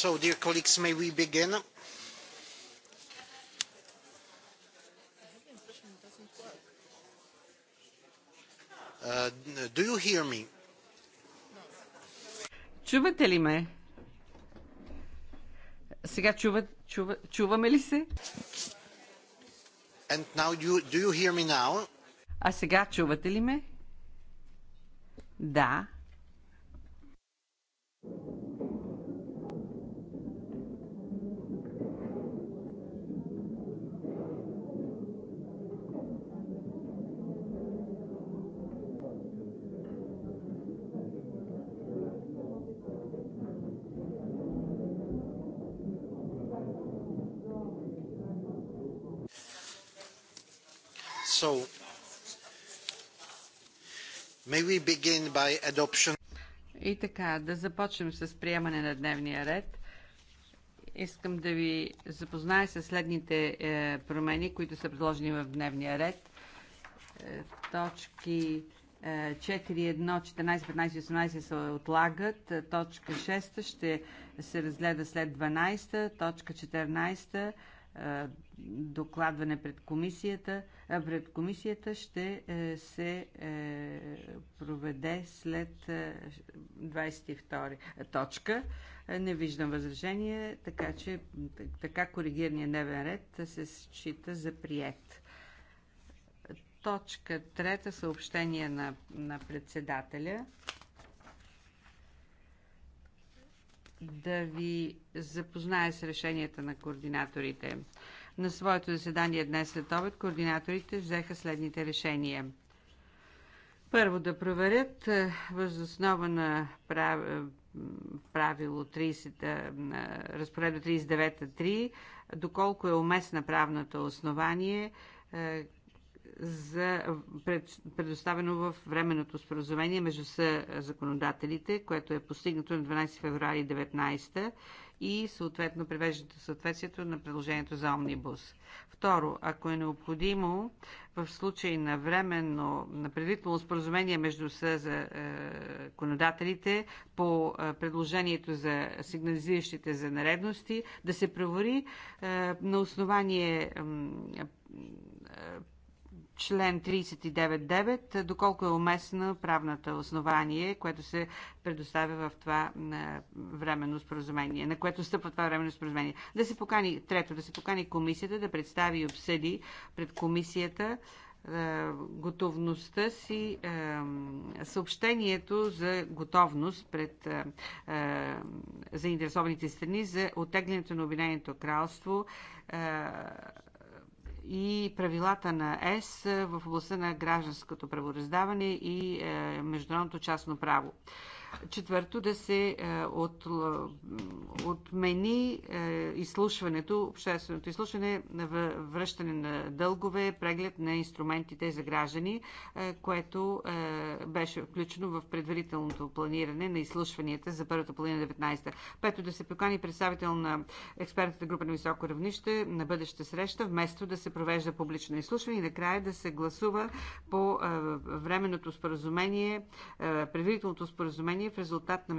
So, dear colleagues, may we begin? Uh, do you hear me? Чувате ли ме? Сега чува, чува, чуваме ли се? And now you, do you hear me now? А сега чувате ли ме? Да. So, may we begin by adoption. И така, да започнем с приемане на дневния ред. Искам да ви запозная с следните е, промени, които са предложени в дневния ред. Е, точки 4, 1, 14, 15, 18 се отлагат. Точка 6 ще се разгледа след 12. Точка 14 докладване пред комисията, а пред комисията ще е, се е, проведе след 22 е, точка. Не виждам възражение, така че така коригирания дневен ред се счита за прият. Точка трета съобщение на, на председателя. да ви запознае с решенията на координаторите. На своето заседание днес след обед координаторите взеха следните решения. Първо да проверят е, възоснова на е, правило 30, е, разпоредба 39.3, доколко е уместна правната основание, за предоставено в временното споразумение между са законодателите, което е постигнато на 12 февруари 19 и съответно привеждането в съответствието на предложението за омнибус. Второ, ако е необходимо, в случай на временно, на предварително споразумение между са е, законодателите по е, предложението за сигнализиращите за наредности, да се провери е, на основание член 39.9, доколко е уместно правната основание, което се предоставя в това временно споразумение, на което стъпва това временно споразумение. Да се покани, трето, да се покани комисията да представи и обсъди пред комисията готовността си, съобщението за готовност пред заинтересованите страни за оттеглянето на обвинението кралство и правилата на ЕС в областта на гражданското правораздаване и е, международното частно право. Четвърто, да се е, от, е, отмени е, изслушването, общественото изслушване, връщане на дългове, преглед на инструментите за граждани, което беше включено в предварителното планиране на изслушванията за първата половина 19-та. Пето, да се покани представител на експертната група на високо равнище на бъдеща среща, вместо да се провежда публично изслушване и накрая да се гласува по временното споразумение, предварителното споразумение решение в резултат на,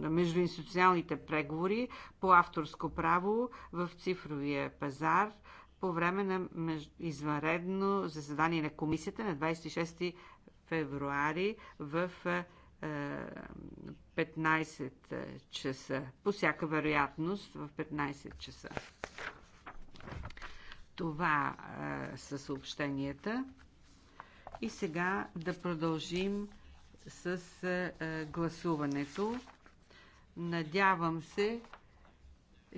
на междуинституционалните преговори по авторско право в цифровия пазар по време на меж... извънредно заседание на комисията на 26 февруари в 15 е, часа. По всяка вероятност в 15 часа. Това е, са съобщенията. И сега да продължим с е, е, гласуването. Надявам се,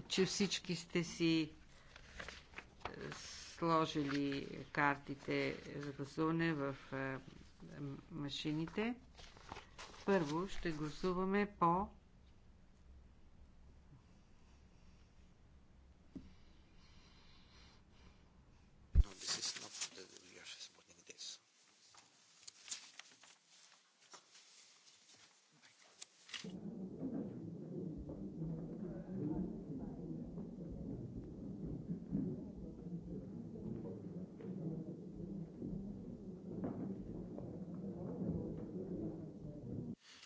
че всички сте си е, сложили картите за гласуване в машините. Първо ще гласуваме по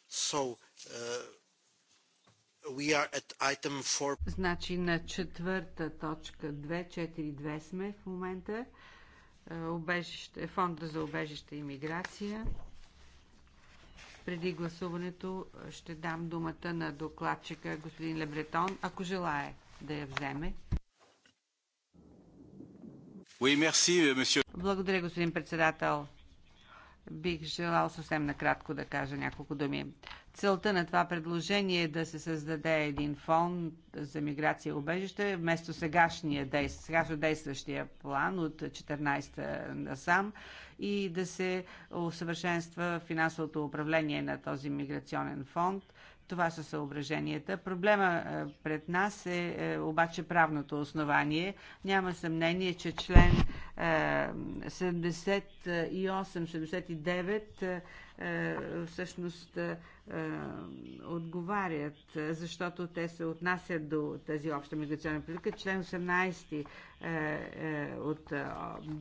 So, uh, we are at item four. Значи на четвърта точка 242 сме в момента. Е, обежище, фонда за обежище и миграция. Преди гласуването е, ще дам думата на докладчика господин Лебретон, ако желае да я вземе. Oui, merci, Благодаря, господин председател бих желал съвсем накратко да кажа няколко думи. Целта на това предложение е да се създаде един фонд за миграция и убежище вместо сегашния, сегашно действащия план от 14-та насам и да се усъвършенства финансовото управление на този миграционен фонд – това са съображенията. Проблема е, пред нас е, е обаче правното основание. Няма съмнение, че член 78-79 е, всъщност отговарят, защото те се отнасят до тази обща миграционна политика. Член 18 от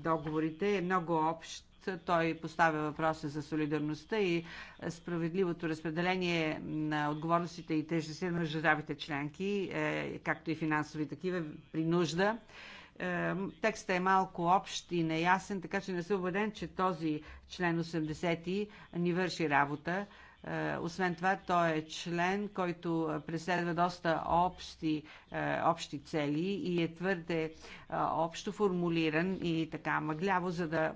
договорите е много общ той поставя въпроса за солидарността и справедливото разпределение на отговорностите и тежестите на държавите членки, е, както и финансови такива, при нужда е, текстът е малко общ и неясен, така че не съм убеден, че този член 80 ни върши работа. Е, освен това, той е член, който преследва доста общи, е, общи цели и е твърде е, общо формулиран и така мъгляво, за да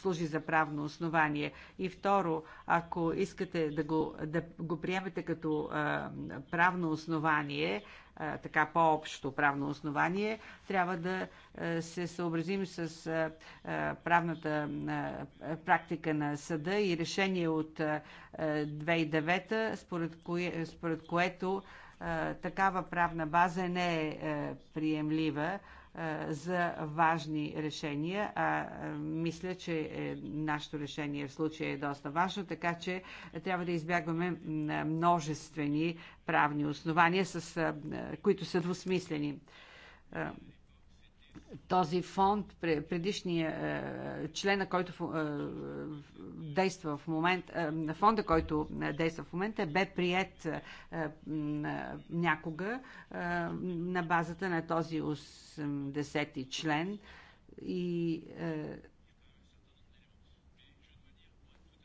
служи за правно основание. И второ, ако искате да го, да го приемете като правно основание, така по-общо правно основание, трябва да се съобразим с правната практика на съда и решение от 2009, според, кое, според което такава правна база не е приемлива за важни решения, а мисля, че е нашето решение в случая е доста важно, така че трябва да избягваме множествени правни основания, с, които са двусмислени този фонд, предишния е, члена, който е, действа в момента, е, фонда, който действа в момента, бе прият някога на базата на този 80-ти член и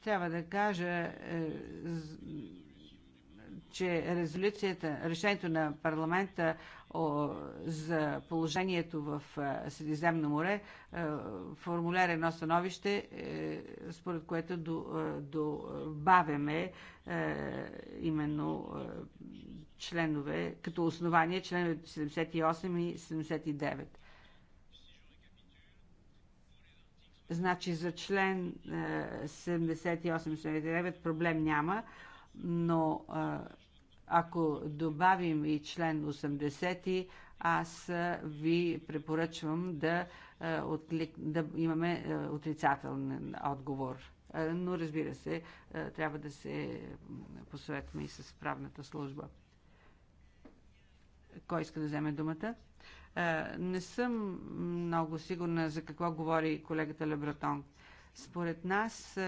трябва да кажа че резолюцията, решението на парламента о, за положението в Средиземно море формуляра едно становище, е, според което добавяме е, именно членове, като основание членове 78 и 79. Значи за член 78-79 е, проблем няма, но ако добавим и член 80, аз ви препоръчвам да, да имаме отрицателен отговор. Но разбира се, трябва да се посъветваме и с правната служба. Кой иска да вземе думата? Не съм много сигурна за какво говори колегата Лебратон. Според нас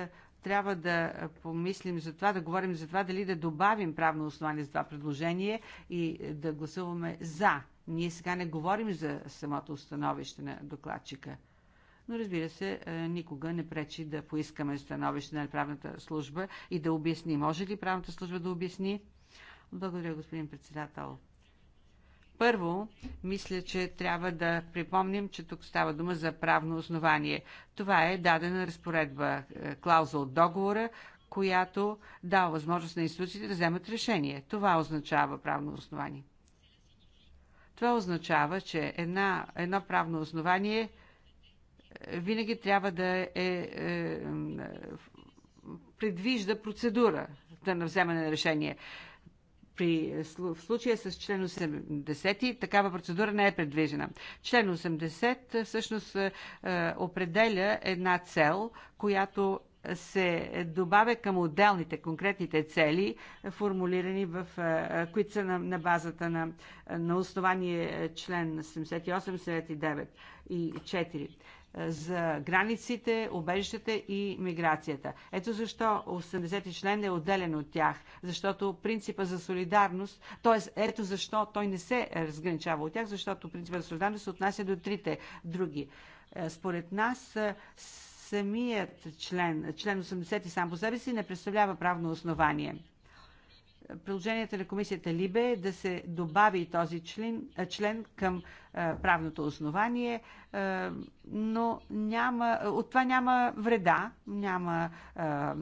трябва да помислим за това, да говорим за това, дали да добавим правно основание за това предложение и да гласуваме за. Ние сега не говорим за самото установище на докладчика. Но разбира се, е, никога не пречи да поискаме становище на правната служба и да обясни. Може ли правната служба да обясни? Благодаря, господин председател. Първо, мисля, че трябва да припомним, че тук става дума за правно основание. Това е дадена разпоредба, е, клауза от договора, която дава възможност на институциите да вземат решение. Това означава правно основание. Това означава, че една, едно правно основание е, винаги трябва да е, е, предвижда процедура да на вземане на решение. При, в случая с член 80 такава процедура не е предвижена. Член 80 е, всъщност е, е, определя една цел, която се добавя към отделните конкретните цели, формулирани в, които са на, на базата на, на основание член 78, 79 и 4 за границите, обежищата и миграцията. Ето защо 80-ти член е отделен от тях, защото принципа за солидарност, т.е. ето защо той не се разграничава от тях, защото принципа за солидарност се отнася до трите други. Е, според нас е, самият член, член 80 сам по себе си не представлява правно основание предложението на комисията Либе е да се добави този член, член към правното основание, но няма, от това няма вреда, няма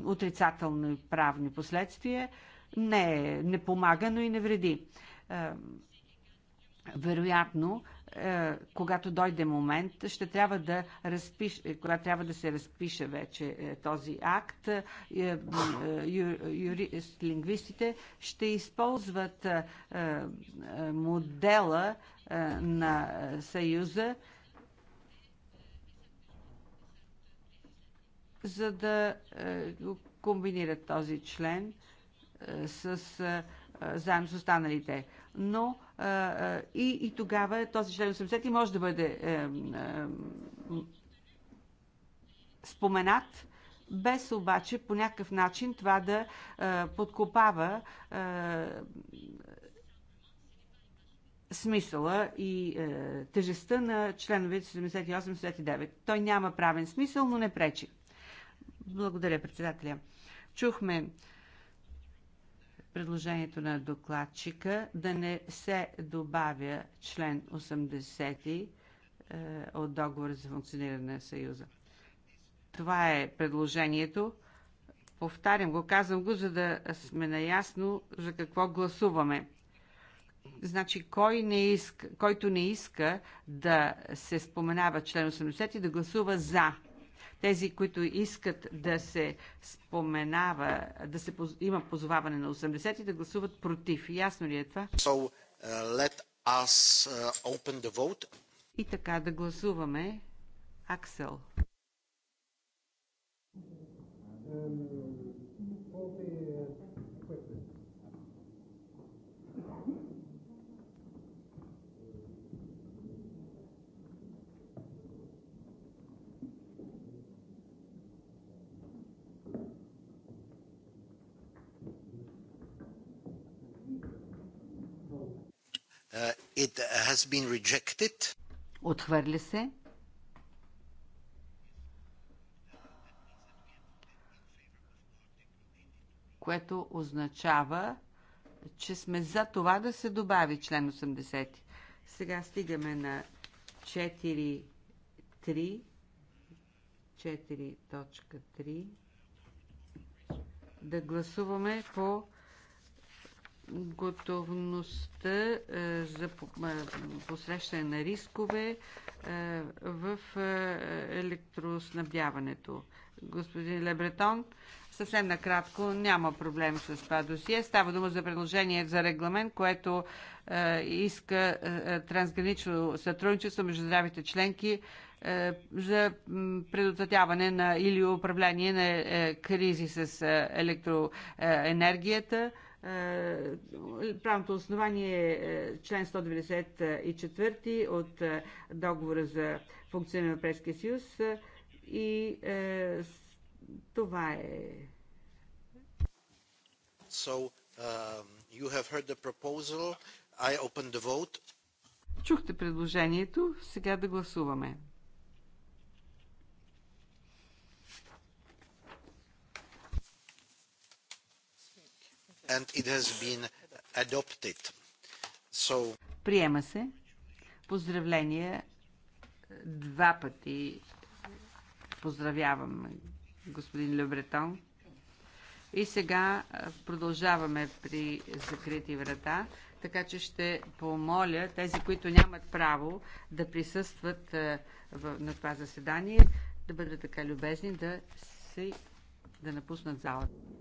отрицателни правни последствия, не, е, не помага, но и не вреди вероятно е, когато дойде момент, ще трябва да разпиш, е, когато трябва да се разпише вече е, този акт, юрист, лингвистите ще използват модела на Съюза, за да комбинират този член с заедно с останалите. Но и, и тогава този член 80 може да бъде е, е, споменат, без обаче по някакъв начин това да е, подкопава смисъла и е, тежестта на членовете 78-79. Той няма правен смисъл, но не пречи. Благодаря, председателя. Чухме предложението на докладчика да не се добавя член 80 е, от договора за функциониране на Съюза. Това е предложението. Повтарям го, казвам го, за да сме наясно за какво гласуваме. Значи, кой не иска, който не иска да се споменава член 80 да гласува за тези, които искат да се споменава, да се има позоваване на 80 ти да гласуват против. Ясно ли е това? So, uh, let us, uh, open the vote. И така да гласуваме. Аксел. It has been rejected. Отхвърля се. Което означава, че сме за това да се добави член 80. Сега стигаме на 4.3. 4.3. Да гласуваме по готовността е, за е, посрещане на рискове е, в електроснабдяването. Господин Лебретон, съвсем накратко, няма проблем с това досие. Става дума за предложение за регламент, което иска трансгранично сътрудничество между здравите членки за предотвратяване на или управление на кризи с електроенергията Правното основание е, е член 194 от е, договора за функциониране на Европейския съюз и е, това е. So, uh, you have heard the proposal. I open the vote. Чухте предложението, сега да гласуваме. and it has been adopted. So... Приема се. Поздравления два пъти. Поздравявам господин Лебретон. И сега продължаваме при закрити врата, така че ще помоля тези, които нямат право да присъстват на това заседание, да бъдат така любезни да, си, да напуснат залата.